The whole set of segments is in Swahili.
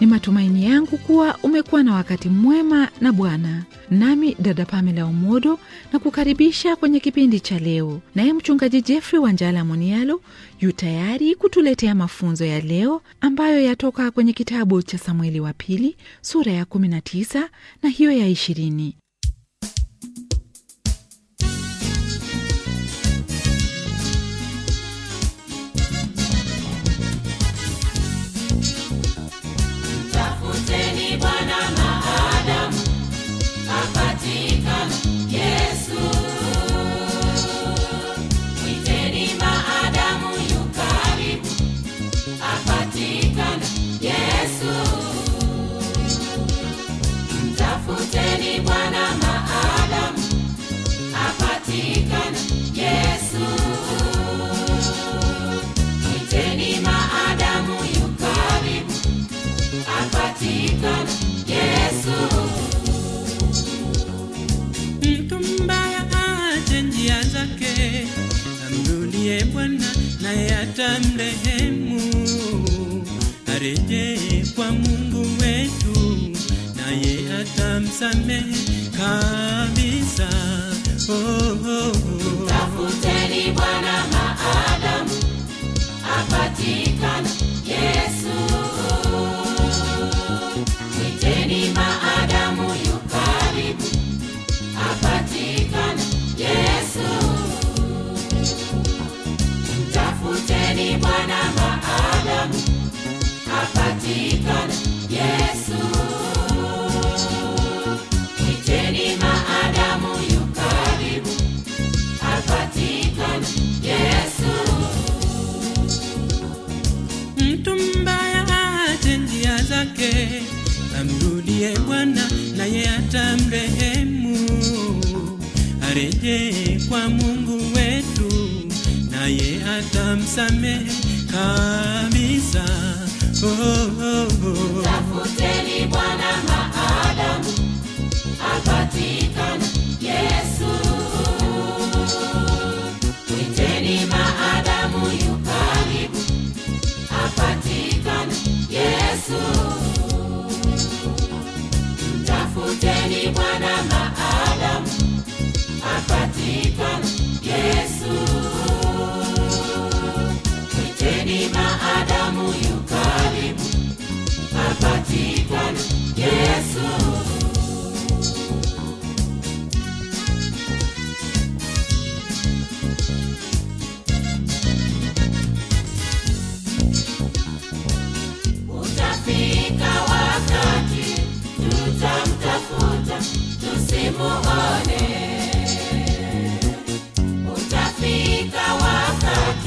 Ni matumaini yangu kuwa umekuwa na wakati mwema na Bwana. Nami dada Pamela Omodo na kukaribisha kwenye kipindi cha leo, naye mchungaji Jeffrey Wanjala Monialo yu tayari kutuletea mafunzo ya leo ambayo yatoka kwenye kitabu cha Samueli wa Pili sura ya 19 na hiyo ya 20. na yatamrehemu, arejee kwa Mungu wetu, naye atamsamehe kabisa. Oh, oh.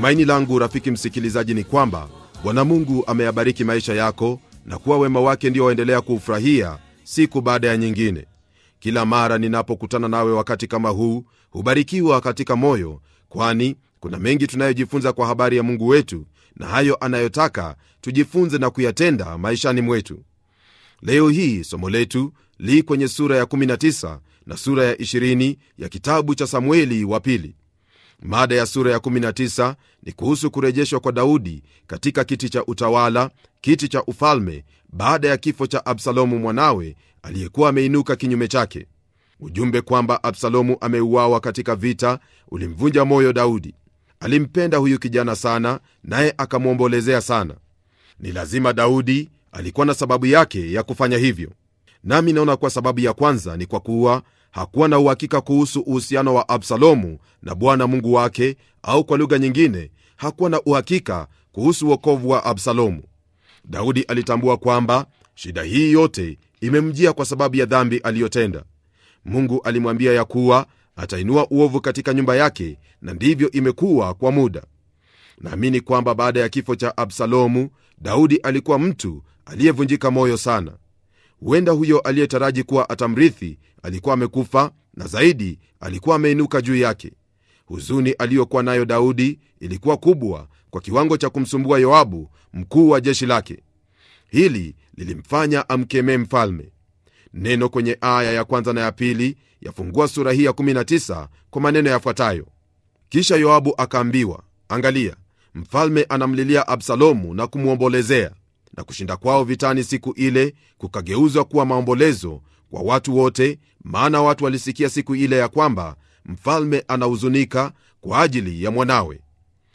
Tumaini langu rafiki msikilizaji ni kwamba Bwana Mungu ameyabariki maisha yako na kuwa wema wake ndio waendelea kuufurahia siku baada ya nyingine. Kila mara ninapokutana nawe wakati kama huu, hubarikiwa katika moyo, kwani kuna mengi tunayojifunza kwa habari ya Mungu wetu na hayo anayotaka tujifunze na kuyatenda maishani mwetu. Leo hii somo letu li kwenye sura ya 19 na sura ya 20 ya kitabu cha Samueli wa pili. Mada ya sura ya 19 ni kuhusu kurejeshwa kwa Daudi katika kiti cha utawala, kiti cha ufalme, baada ya kifo cha Absalomu mwanawe aliyekuwa ameinuka kinyume chake. Ujumbe kwamba Absalomu ameuawa katika vita ulimvunja moyo Daudi. Alimpenda huyu kijana sana, naye akamwombolezea sana. Ni lazima Daudi alikuwa na sababu yake ya kufanya hivyo, nami naona kuwa sababu ya kwanza ni kwa kuwa hakuwa na uhakika kuhusu uhusiano wa Absalomu na Bwana Mungu wake, au kwa lugha nyingine, hakuwa na uhakika kuhusu uokovu wa Absalomu. Daudi alitambua kwamba shida hii yote imemjia kwa sababu ya dhambi aliyotenda. Mungu alimwambia ya kuwa atainua uovu katika nyumba yake, na ndivyo imekuwa kwa muda. Naamini kwamba baada ya kifo cha Absalomu, Daudi alikuwa mtu aliyevunjika moyo sana huenda huyo aliyetaraji kuwa atamrithi alikuwa amekufa na zaidi alikuwa ameinuka juu yake. Huzuni aliyokuwa nayo Daudi ilikuwa kubwa kwa kiwango cha kumsumbua Yoabu, mkuu wa jeshi lake. Hili lilimfanya amkemee mfalme. Neno kwenye aya ya kwanza na ya pili yafungua sura hii ya 19 kwa maneno yafuatayo: kisha Yoabu akaambiwa, angalia, mfalme anamlilia Absalomu na kumwombolezea, na kushinda kwao vitani siku ile kukageuzwa kuwa maombolezo kwa watu wote, maana watu walisikia siku ile ya kwamba mfalme anahuzunika kwa ajili ya mwanawe.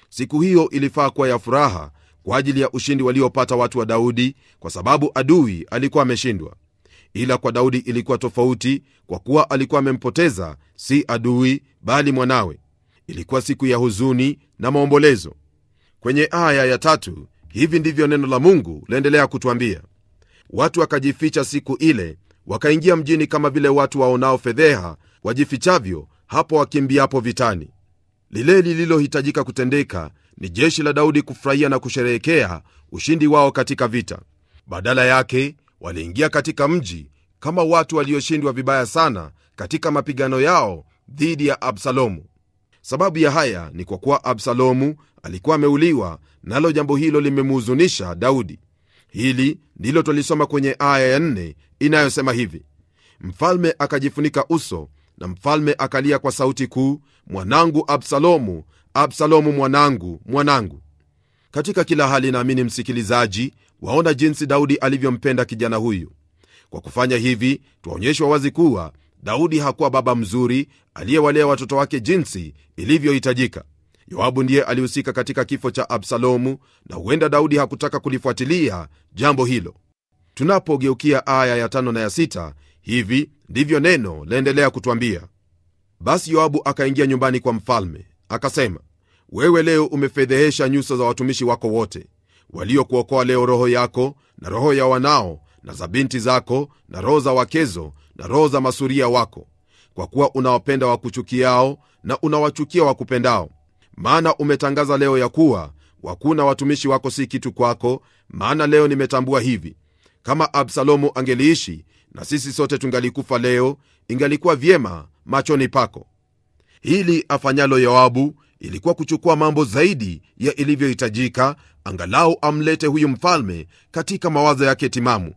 Siku hiyo ilifaa kuwa ya furaha kwa ajili ya ushindi waliopata watu wa Daudi, kwa sababu adui alikuwa ameshindwa. Ila kwa Daudi ilikuwa tofauti, kwa kuwa alikuwa amempoteza si adui, bali mwanawe. Ilikuwa siku ya huzuni na maombolezo. Kwenye aya ya tatu hivi ndivyo neno la mungu laendelea kutwambia watu wakajificha siku ile wakaingia mjini kama vile watu waonao fedheha wajifichavyo hapo wakimbiapo vitani lile lililohitajika kutendeka ni jeshi la daudi kufurahia na kusherehekea ushindi wao katika vita badala yake waliingia katika mji kama watu walioshindwa vibaya sana katika mapigano yao dhidi ya absalomu sababu ya haya ni kwa kuwa absalomu alikuwa ameuliwa nalo jambo hilo limemuhuzunisha Daudi. Hili ndilo twalisoma kwenye aya ya nne inayosema hivi: mfalme akajifunika uso na mfalme akalia kwa sauti kuu, mwanangu Absalomu, Absalomu, mwanangu, mwanangu. Katika kila hali, naamini msikilizaji, waona jinsi Daudi alivyompenda kijana huyu. Kwa kufanya hivi, twaonyeshwa wazi kuwa Daudi hakuwa baba mzuri aliyewalea watoto wake jinsi ilivyohitajika. Yoabu ndiye alihusika katika kifo cha Absalomu, na huenda Daudi hakutaka kulifuatilia jambo hilo. Tunapogeukia aya ya tano na ya sita, hivi ndivyo neno laendelea kutwambia: basi Yoabu akaingia nyumbani kwa mfalme akasema, wewe leo umefedhehesha nyuso za watumishi wako wote waliokuokoa leo roho yako na roho ya wanao na za binti zako na roho za wakezo na roho za masuria wako, kwa kuwa unawapenda wakuchukiao na unawachukia wakupendao, maana umetangaza leo ya kuwa wakuna watumishi wako si kitu kwako, maana leo nimetambua hivi, kama Absalomu angeliishi na sisi sote tungalikufa leo, ingalikuwa vyema machoni pako. Hili afanyalo Yoabu ilikuwa kuchukua mambo zaidi ya ilivyohitajika, angalau amlete huyu mfalme katika mawazo yake timamu.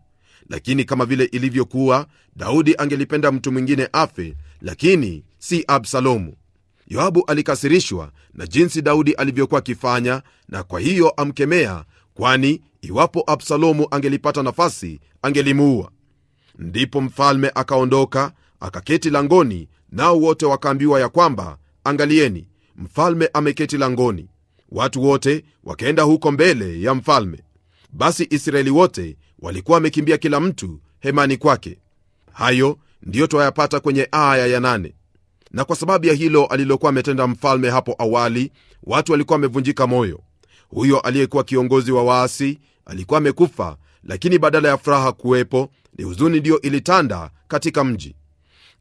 Lakini kama vile ilivyokuwa, Daudi angelipenda mtu mwingine afe, lakini si Absalomu. Yoabu alikasirishwa na jinsi Daudi alivyokuwa akifanya, na kwa hiyo amkemea, kwani iwapo Absalomu angelipata nafasi angelimuua. Ndipo mfalme akaondoka akaketi langoni, nao wote wakaambiwa ya kwamba, angalieni, mfalme ameketi langoni. Watu wote wakaenda huko mbele ya mfalme. Basi Israeli wote walikuwa wamekimbia kila mtu hemani kwake. Hayo ndiyo twayapata kwenye aya ya nane na kwa sababu ya hilo alilokuwa ametenda mfalme hapo awali, watu walikuwa wamevunjika moyo. Huyo aliyekuwa kiongozi wa waasi alikuwa amekufa, lakini badala ya furaha kuwepo, ni huzuni ndiyo ilitanda katika mji.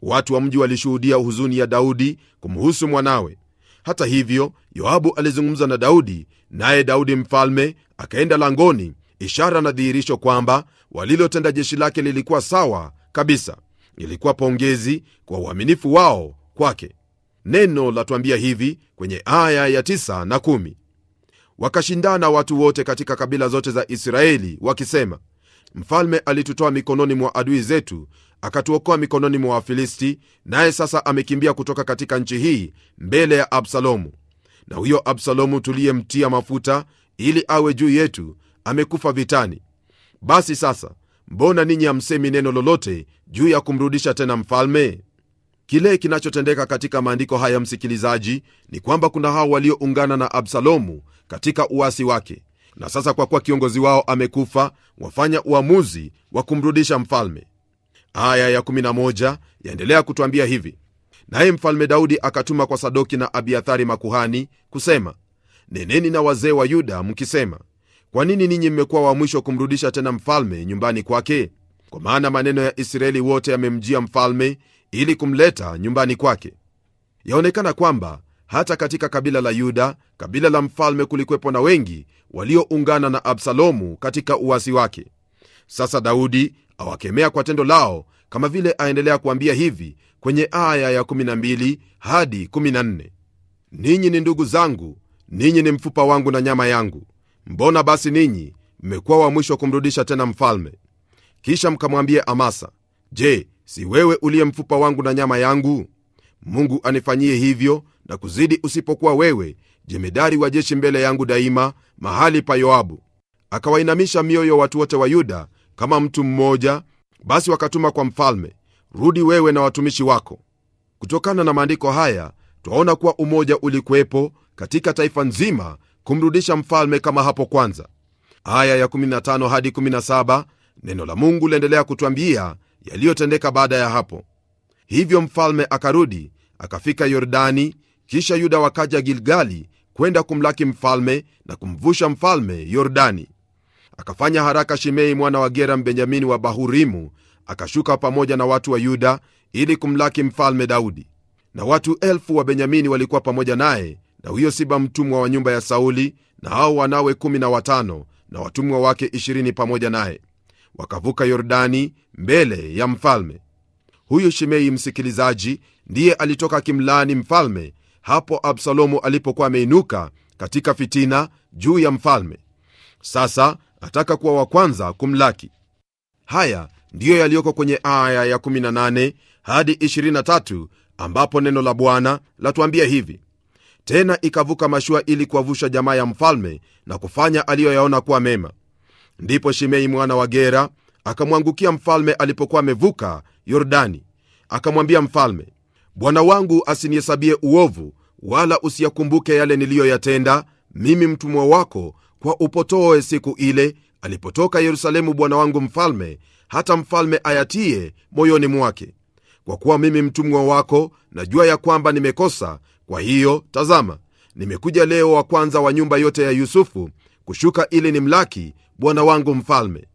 Watu wa mji walishuhudia huzuni ya Daudi kumhusu mwanawe. Hata hivyo, Yoabu alizungumza na Daudi, naye Daudi mfalme akaenda langoni, ishara na dhihirisho kwamba walilotenda jeshi lake lilikuwa sawa kabisa. Ilikuwa pongezi kwa uaminifu wao kwake. Neno latuambia hivi kwenye aya ya tisa na kumi: wakashindana watu wote katika kabila zote za Israeli wakisema, mfalme alitutoa mikononi mwa adui zetu akatuokoa mikononi mwa Wafilisti, naye sasa amekimbia kutoka katika nchi hii mbele ya Absalomu, na huyo Absalomu tuliyemtia mafuta ili awe juu yetu amekufa vitani. Basi sasa, mbona ninyi hamsemi neno lolote juu ya kumrudisha tena mfalme? Kile kinachotendeka katika maandiko haya, msikilizaji, ni kwamba kuna hao walioungana na Absalomu katika uasi wake, na sasa kwa kuwa kiongozi wao amekufa, wafanya uamuzi wa kumrudisha mfalme. Aya ya 11 yaendelea kutwambia hivi: naye mfalme Daudi akatuma kwa Sadoki na Abiathari makuhani kusema, neneni na wazee wa Yuda mkisema, kwa nini ninyi mmekuwa wa mwisho kumrudisha tena mfalme nyumbani kwake? Kwa maana maneno ya Israeli wote yamemjia mfalme, ili kumleta nyumbani kwake. Yaonekana kwamba hata katika kabila la Yuda, kabila la mfalme, kulikwepo na wengi walioungana na Absalomu katika uwasi wake. Sasa Daudi awakemea kwa tendo lao, kama vile aendelea kuambia hivi kwenye aya ya 12 hadi 14: ninyi ni ndugu zangu, ninyi ni mfupa wangu na nyama yangu. Mbona basi ninyi mmekuwa wa mwisho kumrudisha tena mfalme? Kisha mkamwambia Amasa, je, si wewe uliye mfupa wangu na nyama yangu? Mungu anifanyie hivyo na kuzidi, usipokuwa wewe jemedari wa jeshi mbele yangu daima mahali pa Yoabu. Akawainamisha mioyo watu wote wa Yuda kama mtu mmoja, basi wakatuma kwa mfalme, rudi wewe na watumishi wako. Kutokana na maandiko haya twaona kuwa umoja ulikuwepo katika taifa nzima kumrudisha mfalme kama hapo kwanza. Aya ya 15 hadi 17 neno la Mungu laendelea kutwambia yaliyotendeka baada ya hapo. Hivyo mfalme akarudi akafika Yordani, kisha Yuda wakaja Gilgali kwenda kumlaki mfalme na kumvusha mfalme Yordani. Akafanya haraka Shimei mwana wa Gera Mbenyamini wa Bahurimu akashuka pamoja na watu wa Yuda ili kumlaki mfalme Daudi, na watu elfu wa Benyamini walikuwa pamoja naye, na huyo Siba mtumwa wa nyumba ya Sauli, na hao wanawe kumi na watano na watumwa wake ishirini pamoja naye wakavuka yordani mbele ya mfalme huyu shimei msikilizaji ndiye alitoka akimlaani mfalme hapo absalomu alipokuwa ameinuka katika fitina juu ya mfalme sasa ataka kuwa wa kwanza kumlaki haya ndiyo yaliyoko kwenye aya ya 18 hadi 23 ambapo neno la bwana latuambia hivi tena ikavuka mashua ili kuwavusha jamaa ya mfalme na kufanya aliyoyaona kuwa mema Ndipo Shimei mwana wa Gera akamwangukia mfalme alipokuwa amevuka Yordani, akamwambia mfalme, bwana wangu asinihesabie uovu, wala usiyakumbuke yale niliyoyatenda mimi mtumwa wako kwa upotoe siku ile alipotoka Yerusalemu bwana wangu mfalme, hata mfalme ayatie moyoni mwake. Kwa kuwa mimi mtumwa wako najua ya kwamba nimekosa, kwa hiyo tazama, nimekuja leo wa kwanza wa nyumba yote ya Yusufu kushuka ili ni mlaki bwana wangu mfalme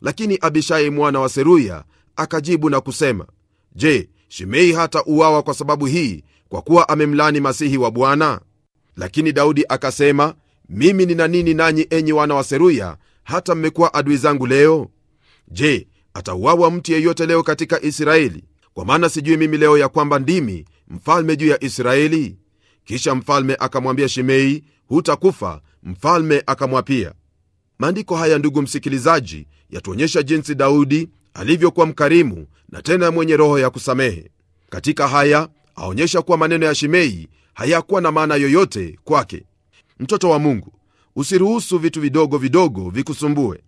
lakini abishai mwana wa seruya akajibu na kusema je shimei hata uawa kwa sababu hii kwa kuwa amemlani masihi wa bwana lakini daudi akasema mimi nina nini nanyi enyi wana wa seruya hata mmekuwa adui zangu leo je atauawa mtu yeyote leo katika israeli kwa maana sijui mimi leo ya kwamba ndimi mfalme juu ya israeli kisha mfalme akamwambia shimei hutakufa mfalme akamwapia maandiko haya ndugu msikilizaji yatuonyesha jinsi daudi alivyokuwa mkarimu na tena mwenye roho ya kusamehe katika haya aonyesha kuwa maneno ya shimei hayakuwa na maana yoyote kwake mtoto wa mungu usiruhusu vitu vidogo vidogo vikusumbue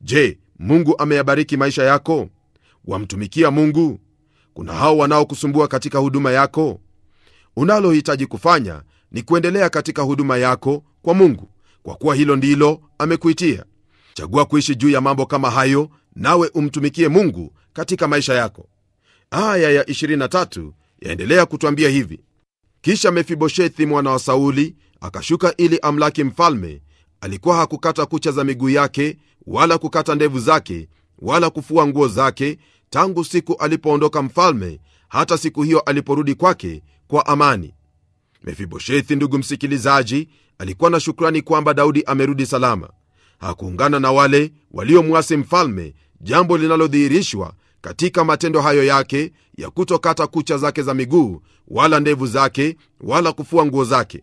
je mungu ameyabariki maisha yako wamtumikia mungu kuna hao wanaokusumbua katika huduma yako unalohitaji kufanya ni kuendelea katika huduma yako kwa mungu kwa kuwa hilo ndilo amekuitia. Chagua kuishi juu ya mambo kama hayo, nawe umtumikie Mungu katika maisha yako. Aya ya 23 yaendelea kutwambia hivi: kisha Mefiboshethi mwana wa Sauli akashuka ili amlaki mfalme. Alikuwa hakukata kucha za miguu yake wala kukata ndevu zake wala kufua nguo zake tangu siku alipoondoka mfalme hata siku hiyo aliporudi kwake kwa amani. Mefiboshethi, ndugu msikilizaji, alikuwa na shukrani kwamba Daudi amerudi salama. Hakuungana na wale waliomwasi mfalme, jambo linalodhihirishwa katika matendo hayo yake ya kutokata kucha zake za miguu wala ndevu zake wala kufua nguo zake.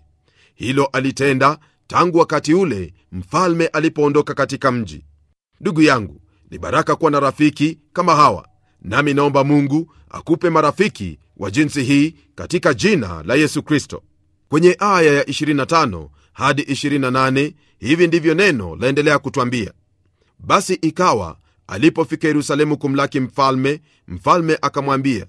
Hilo alitenda tangu wakati ule mfalme alipoondoka katika mji. Ndugu yangu, ni baraka kuwa na rafiki kama hawa, nami naomba Mungu akupe marafiki wa jinsi hii katika jina la Yesu Kristo. Kwenye aya ya 25 hadi 28 hivi ndivyo neno laendelea kutwambia basi ikawa alipofika yerusalemu kumlaki mfalme mfalme akamwambia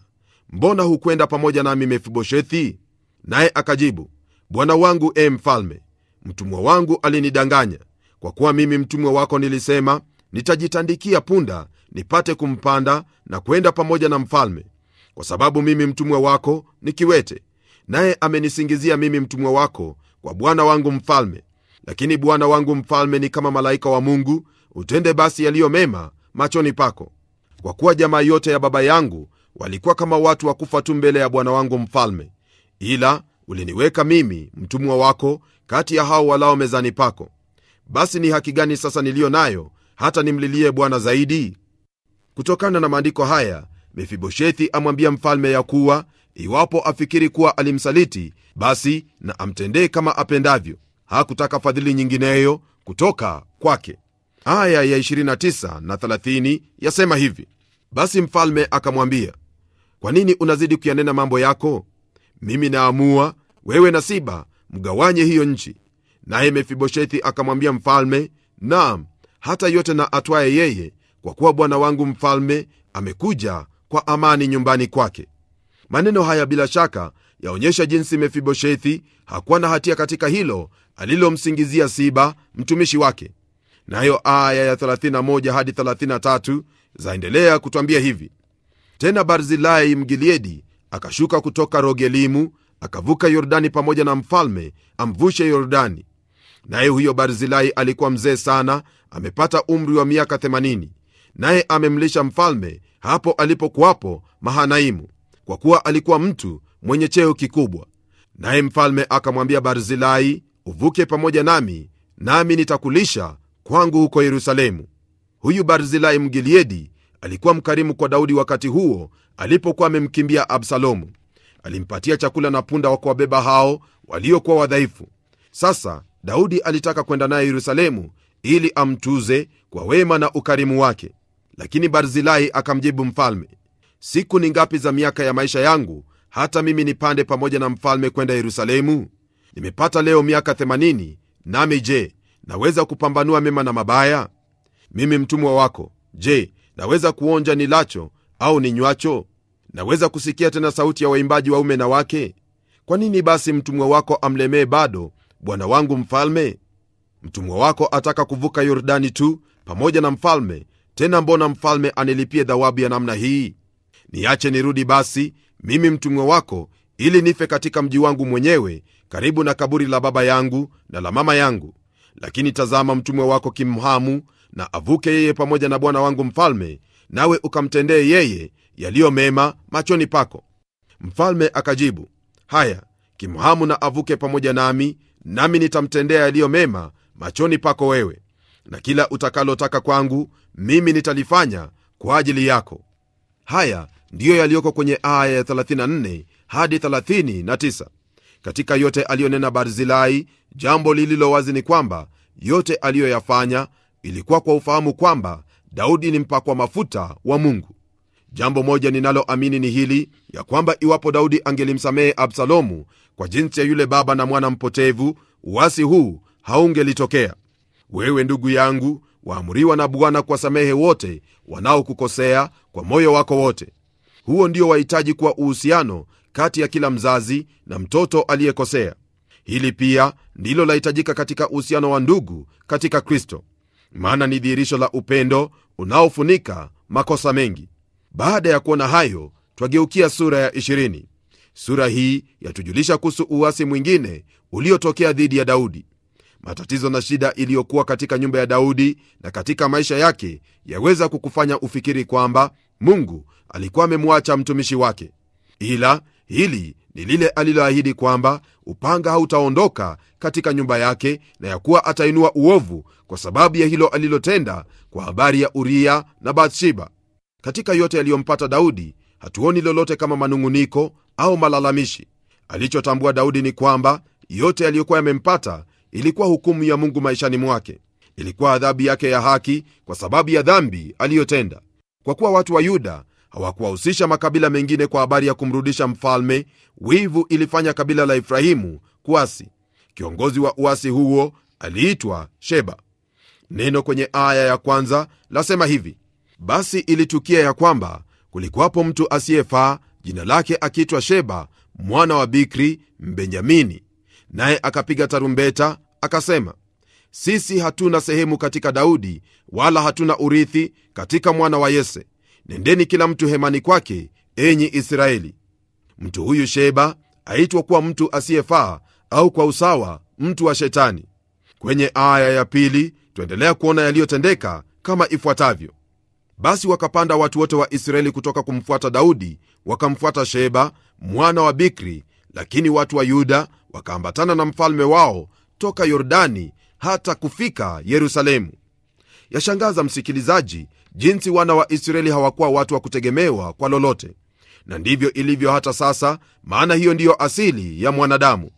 mbona hukwenda pamoja nami mefiboshethi naye akajibu bwana wangu e mfalme mtumwa wangu alinidanganya kwa kuwa mimi mtumwa wako nilisema nitajitandikia punda nipate kumpanda na kwenda pamoja na mfalme kwa sababu mimi mtumwa wako ni kiwete naye amenisingizia mimi mtumwa wako kwa bwana wangu mfalme. Lakini bwana wangu mfalme ni kama malaika wa Mungu, utende basi yaliyo mema machoni pako, kwa kuwa jamaa yote ya baba yangu walikuwa kama watu wa kufa tu mbele ya bwana wangu mfalme, ila uliniweka mimi mtumwa wako kati ya hao walao mezani pako. Basi ni haki gani sasa niliyo nayo hata nimlilie Bwana zaidi? Kutokana na maandiko haya, Mefiboshethi amwambia mfalme ya kuwa iwapo afikiri kuwa alimsaliti basi na amtendee kama apendavyo hakutaka fadhili nyingineyo kutoka kwake aya ya 29 na 30 yasema hivi basi mfalme akamwambia kwa nini unazidi kuyanena mambo yako mimi naamua wewe na siba mgawanye hiyo nchi naye mefiboshethi akamwambia mfalme nam hata yote na atwaye yeye kwa kuwa bwana wangu mfalme amekuja kwa amani nyumbani kwake Maneno haya bila shaka yaonyesha jinsi Mefiboshethi hakuwa na hatia katika hilo alilomsingizia Siba mtumishi wake. Nayo aya ya 31 hadi 33 zaendelea kutwambia hivi: tena Barzilai Mgiliedi akashuka kutoka Rogelimu akavuka Yordani pamoja na mfalme amvushe Yordani. Naye huyo Barzilai alikuwa mzee sana, amepata umri wa miaka 80, naye amemlisha mfalme hapo alipokuwapo Mahanaimu kwa kuwa alikuwa mtu mwenye cheo kikubwa. Naye mfalme akamwambia Barzilai, uvuke pamoja nami, nami nitakulisha kwangu huko Yerusalemu. Huyu Barzilai Mgiliedi alikuwa mkarimu kwa Daudi wakati huo alipokuwa amemkimbia Absalomu. Alimpatia chakula na punda wa kuwabeba hao waliokuwa wadhaifu. Sasa Daudi alitaka kwenda naye Yerusalemu ili amtuze kwa wema na ukarimu wake, lakini Barzilai akamjibu mfalme, siku ni ngapi za miaka ya maisha yangu hata mimi nipande pamoja na mfalme kwenda yerusalemu nimepata leo miaka 80 nami je naweza kupambanua mema na mabaya mimi mtumwa wako je naweza kuonja nilacho au ninywacho naweza kusikia tena sauti ya waimbaji waume na wake kwa nini basi mtumwa wako amlemee bado bwana wangu mfalme mtumwa wako ataka kuvuka yordani tu pamoja na mfalme tena mbona mfalme anilipie dhawabu ya namna hii niache nirudi basi mimi mtumwa wako ili nife katika mji wangu mwenyewe karibu na kaburi la baba yangu na la mama yangu lakini tazama mtumwa wako kimhamu na avuke yeye pamoja na bwana wangu mfalme nawe ukamtendee yeye yaliyo mema machoni pako mfalme akajibu haya kimhamu na avuke pamoja nami nami nitamtendea yaliyo mema machoni pako wewe na kila utakalotaka kwangu mimi nitalifanya kwa ajili yako haya ndiyo yaliyoko kwenye aya ya 34 hadi 39 katika yote aliyonena barzilai jambo lililo wazi ni kwamba yote aliyoyafanya ilikuwa kwa ufahamu kwamba daudi ni mpakwa mafuta wa mungu jambo moja ninaloamini ni hili ya kwamba iwapo daudi angelimsamehe absalomu kwa jinsi ya yule baba na mwana mpotevu uwasi huu haungelitokea wewe ndugu yangu waamriwa na bwana kuwasamehe wote wanaokukosea kwa moyo wako wote huo ndio wahitaji kuwa uhusiano kati ya kila mzazi na mtoto aliyekosea. Hili pia ndilo lahitajika katika uhusiano wa ndugu katika Kristo, maana ni dhihirisho la upendo unaofunika makosa mengi. Baada ya kuona hayo, twageukia sura ya 20. Sura hii yatujulisha kuhusu uwasi mwingine uliotokea dhidi ya Daudi. Matatizo na shida iliyokuwa katika nyumba ya Daudi na katika maisha yake yaweza kukufanya ufikiri kwamba Mungu alikuwa amemwacha mtumishi wake, ila hili ni lile aliloahidi kwamba upanga hautaondoka katika nyumba yake na ya kuwa atainua uovu kwa sababu ya hilo alilotenda kwa habari ya Uria na Bathsheba. Katika yote yaliyompata Daudi hatuoni lolote kama manung'uniko au malalamishi. Alichotambua Daudi ni kwamba yote yaliyokuwa yamempata ilikuwa hukumu ya Mungu maishani mwake, ilikuwa adhabu yake ya haki kwa sababu ya dhambi aliyotenda. Kwa kuwa watu wa Yuda hawakuwahusisha makabila mengine kwa habari ya kumrudisha mfalme. Wivu ilifanya kabila la Efrahimu kuasi. Kiongozi wa uasi huo aliitwa Sheba. Neno kwenye aya ya kwanza lasema hivi: basi ilitukia ya kwamba kulikuwapo mtu asiyefaa jina lake akiitwa Sheba mwana wa Bikri Mbenyamini, naye akapiga tarumbeta akasema, sisi hatuna sehemu katika Daudi, wala hatuna urithi katika mwana wa Yese, nendeni kila mtu hemani kwake, enyi Israeli. Mtu huyu Sheba aitwa kuwa mtu asiyefaa, au kwa usawa mtu wa Shetani. Kwenye aya ya pili twaendelea kuona yaliyotendeka kama ifuatavyo: basi wakapanda watu wote wa Israeli kutoka kumfuata Daudi, wakamfuata Sheba mwana wa Bikri, lakini watu wa Yuda wakaambatana na mfalme wao toka Yordani hata kufika Yerusalemu. Yashangaza msikilizaji jinsi wana wa Israeli hawakuwa watu wa kutegemewa kwa lolote, na ndivyo ilivyo hata sasa, maana hiyo ndiyo asili ya mwanadamu.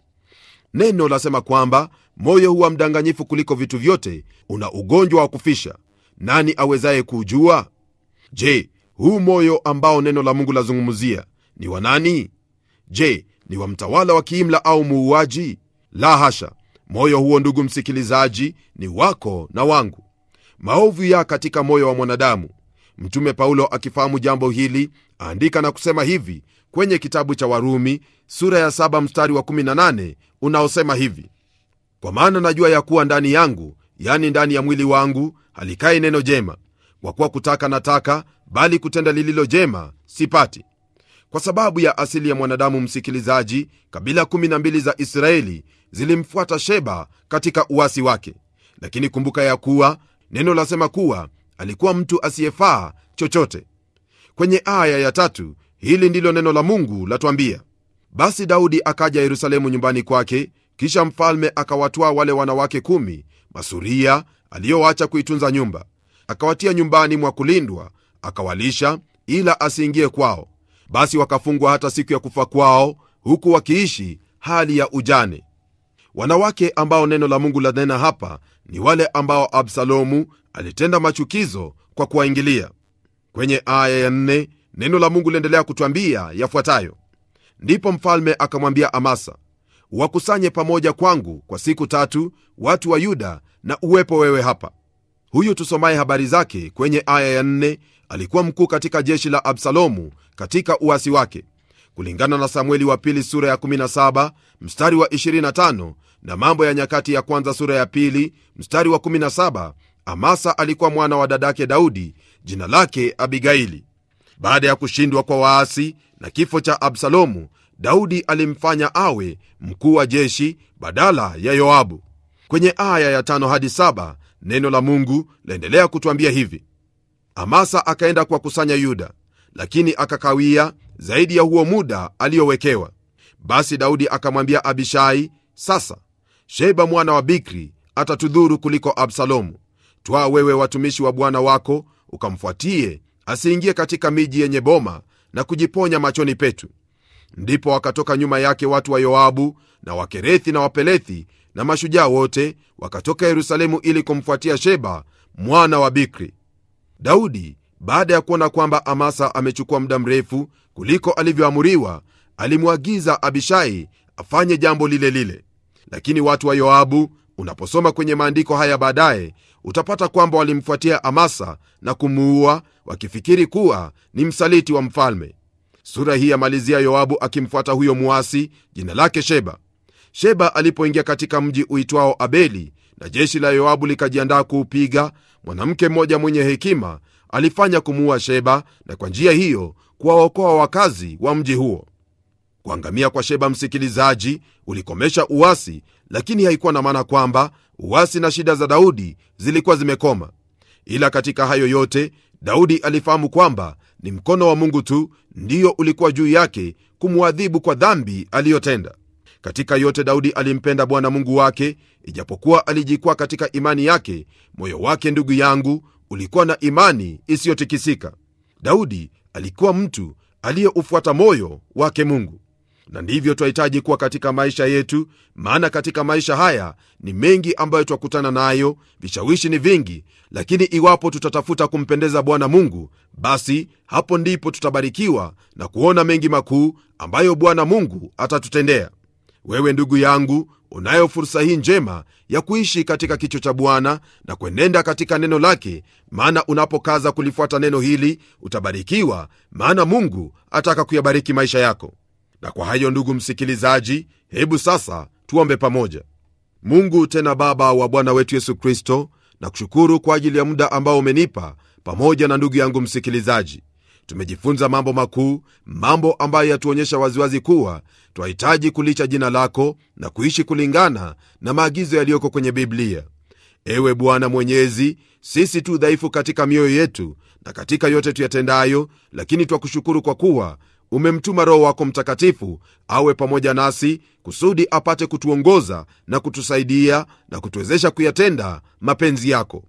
Neno lasema kwamba moyo huwa mdanganyifu kuliko vitu vyote, una ugonjwa wa kufisha, nani awezaye kuujua? Je, huu moyo ambao neno la Mungu lazungumzia ni wa nani? Je, ni wa mtawala wa kiimla au muuaji? La hasha! Moyo huo, ndugu msikilizaji, ni wako na wangu maovu ya katika moyo wa mwanadamu. Mtume Paulo akifahamu jambo hili aandika na kusema hivi kwenye kitabu cha Warumi sura ya 7 mstari wa 18 unaosema hivi: kwa maana najua ya kuwa ndani yangu, yani ndani ya mwili wangu, halikai neno jema, kwa kuwa kutaka nataka, bali kutenda lililo jema sipati. Kwa sababu ya asili ya mwanadamu, msikilizaji, kabila 12 za Israeli zilimfuata Sheba katika uasi wake, lakini kumbuka ya kuwa neno lasema kuwa alikuwa mtu asiyefaa chochote kwenye aya ya tatu hili ndilo neno la mungu latwambia basi daudi akaja yerusalemu nyumbani kwake kisha mfalme akawatwaa wale wanawake kumi masuria aliyoacha kuitunza nyumba akawatia nyumbani mwa kulindwa akawalisha ila asiingie kwao basi wakafungwa hata siku ya kufa kwao huku wakiishi hali ya ujane wanawake ambao neno la mungu lanena hapa ni wale ambao Absalomu alitenda machukizo kwa kuwaingilia. Kwenye aya ya nne neno la Mungu liendelea kutwambia yafuatayo: ndipo mfalme akamwambia Amasa, wakusanye pamoja kwangu kwa siku tatu watu wa Yuda na uwepo wewe hapa. Huyu tusomaye habari zake kwenye aya ya nne alikuwa mkuu katika jeshi la Absalomu katika uasi wake. Kulingana na Samueli wa pili sura ya 17 mstari wa 25 na mambo ya nyakati ya kwanza sura ya pili mstari wa 17 amasa alikuwa mwana wa dadake daudi jina lake abigaili baada ya kushindwa kwa waasi na kifo cha absalomu daudi alimfanya awe mkuu wa jeshi badala ya yoabu kwenye aya ya tano hadi saba neno la mungu laendelea kutwambia hivi amasa akaenda kuwakusanya yuda lakini akakawia zaidi ya huo muda aliyowekewa basi daudi akamwambia abishai sasa Sheba mwana wa Bikri atatudhuru kuliko Absalomu. twa wewe watumishi wa bwana wako ukamfuatie, asiingie katika miji yenye boma na kujiponya machoni petu. Ndipo wakatoka nyuma yake watu wa Yoabu na Wakerethi na Wapelethi na mashujaa wote wakatoka Yerusalemu ili kumfuatia Sheba mwana wa Bikri. Daudi baada ya kuona kwamba Amasa amechukua muda mrefu kuliko alivyoamuriwa, alimwagiza Abishai afanye jambo lile lile. Lakini watu wa Yoabu, unaposoma kwenye maandiko haya baadaye, utapata kwamba walimfuatia Amasa na kumuua wakifikiri kuwa ni msaliti wa mfalme. Sura hii yamalizia Yoabu akimfuata huyo muasi jina lake Sheba. Sheba alipoingia katika mji uitwao Abeli na jeshi la Yoabu likajiandaa kuupiga, mwanamke mmoja mwenye hekima alifanya kumuua Sheba na kwa njia hiyo kuwaokoa wakazi wa mji huo kuangamia kwa Sheba msikilizaji ulikomesha uasi, lakini haikuwa na maana kwamba uasi na shida za Daudi zilikuwa zimekoma. Ila katika hayo yote Daudi alifahamu kwamba ni mkono wa Mungu tu ndiyo ulikuwa juu yake kumwadhibu kwa dhambi aliyotenda. Katika yote Daudi alimpenda Bwana Mungu wake, ijapokuwa alijikwa katika imani yake. Moyo wake, ndugu yangu, ulikuwa na imani isiyotikisika. Daudi alikuwa mtu aliyeufuata moyo wake Mungu na ndivyo twahitaji kuwa katika maisha yetu maana katika maisha haya ni mengi ambayo twakutana nayo vishawishi ni vingi lakini iwapo tutatafuta kumpendeza bwana mungu basi hapo ndipo tutabarikiwa na kuona mengi makuu ambayo bwana mungu atatutendea wewe ndugu yangu unayo fursa hii njema ya kuishi katika kicho cha bwana na kuenenda katika neno lake maana unapokaza kulifuata neno hili utabarikiwa maana mungu ataka kuyabariki maisha yako na kwa hayo, ndugu msikilizaji, hebu sasa tuombe pamoja. Mungu tena Baba wa Bwana wetu Yesu Kristo, nakushukuru kwa ajili ya muda ambao umenipa pamoja na ndugu yangu msikilizaji. Tumejifunza mambo makuu, mambo ambayo yatuonyesha waziwazi kuwa twahitaji kulicha jina lako na kuishi kulingana na maagizo yaliyoko kwenye Biblia. Ewe Bwana Mwenyezi, sisi tu dhaifu katika mioyo yetu na katika yote tuyatendayo, lakini twakushukuru kwa kuwa umemtuma Roho wako Mtakatifu awe pamoja nasi kusudi apate kutuongoza na kutusaidia na kutuwezesha kuyatenda mapenzi yako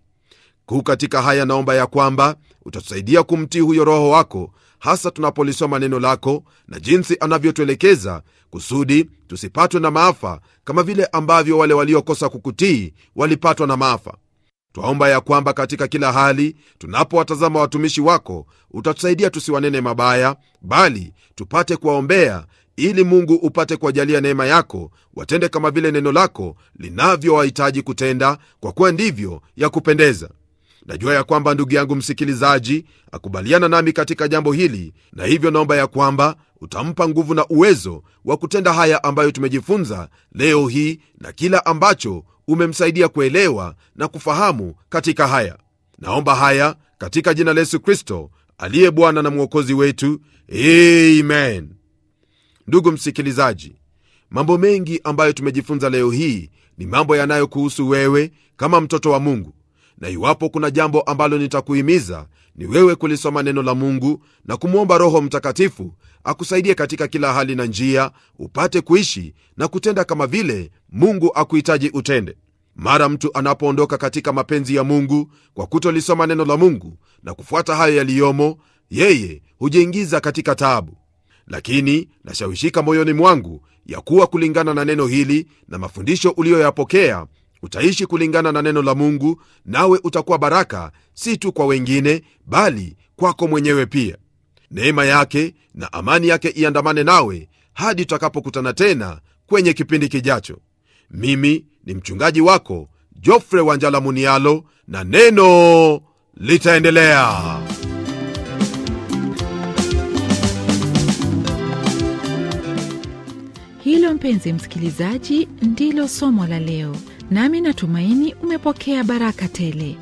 kuu. Katika haya naomba ya kwamba utatusaidia kumtii huyo Roho wako, hasa tunapolisoma neno lako na jinsi anavyotuelekeza kusudi tusipatwe na maafa kama vile ambavyo wale waliokosa kukutii walipatwa na maafa. Twaomba ya kwamba katika kila hali tunapowatazama watumishi wako utatusaidia tusiwanene mabaya, bali tupate kuwaombea ili Mungu upate kuwajalia neema yako, watende kama vile neno lako linavyowahitaji kutenda, kwa kuwa ndivyo ya kupendeza. Najua ya kwamba ndugu yangu msikilizaji akubaliana nami katika jambo hili, na hivyo naomba ya kwamba utampa nguvu na uwezo wa kutenda haya ambayo tumejifunza leo hii na kila ambacho umemsaidia kuelewa na kufahamu katika haya. Naomba haya katika jina la Yesu Kristo aliye Bwana na Mwokozi wetu, amen. Ndugu msikilizaji, mambo mengi ambayo tumejifunza leo hii ni mambo yanayokuhusu wewe kama mtoto wa Mungu na iwapo kuna jambo ambalo nitakuhimiza ni wewe kulisoma neno la Mungu na kumwomba Roho Mtakatifu akusaidie katika kila hali na njia, upate kuishi na kutenda kama vile Mungu akuhitaji utende. Mara mtu anapoondoka katika mapenzi ya Mungu kwa kutolisoma neno la Mungu na kufuata hayo yaliyomo, yeye hujiingiza katika taabu. Lakini nashawishika moyoni mwangu ya kuwa kulingana na neno hili na mafundisho uliyoyapokea Utaishi kulingana na neno la Mungu, nawe utakuwa baraka, si tu kwa wengine, bali kwako mwenyewe pia. Neema yake na amani yake iandamane nawe hadi tutakapokutana tena kwenye kipindi kijacho. Mimi ni mchungaji wako Jofre Wanjala Munialo, na neno litaendelea. Hilo mpenzi msikilizaji, ndilo somo la leo nami natumaini umepokea baraka tele.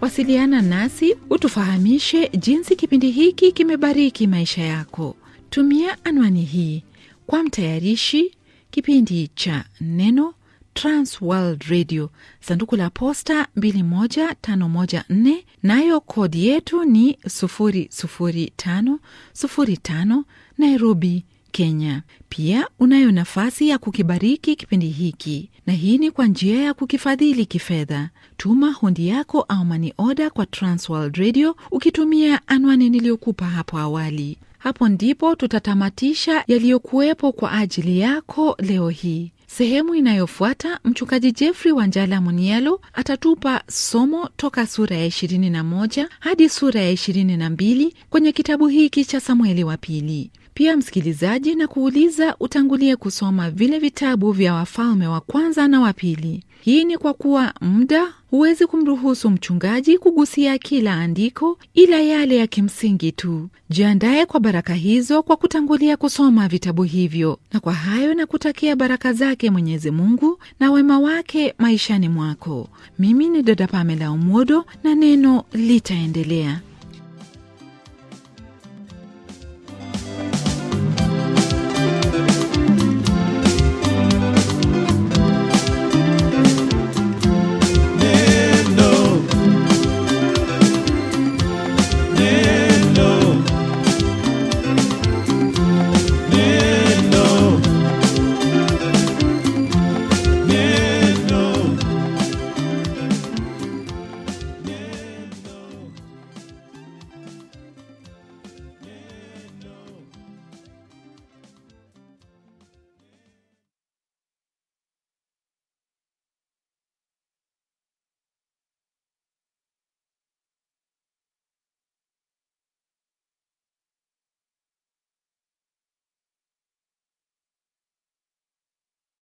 Wasiliana nasi utufahamishe jinsi kipindi hiki kimebariki maisha yako. Tumia anwani hii kwa mtayarishi kipindi cha Neno, transworld Radio, sanduku la posta 21514 nayo kodi yetu ni 00505 Nairobi, Kenya. Pia unayo nafasi ya kukibariki kipindi hiki, na hii ni kwa njia ya kukifadhili kifedha. Tuma hundi yako au mani oda kwa Transworld Radio ukitumia anwani niliyokupa hapo awali. Hapo ndipo tutatamatisha yaliyokuwepo kwa ajili yako leo hii. Sehemu inayofuata mchungaji Jeffrey njala Munielo atatupa somo toka sura ya 21 hadi sura ya 22 kwenye kitabu hiki cha Samueli wa Pili pia msikilizaji, na kuuliza utangulie kusoma vile vitabu vya Wafalme wa Kwanza na wa Pili. Hii ni kwa kuwa muda huwezi kumruhusu mchungaji kugusia kila andiko ila yale ya kimsingi tu. Jiandaye kwa baraka hizo kwa kutangulia kusoma vitabu hivyo, na kwa hayo na kutakia baraka zake Mwenyezi Mungu na wema wake maishani mwako. Mimi ni dada Pamela Umodo na neno litaendelea.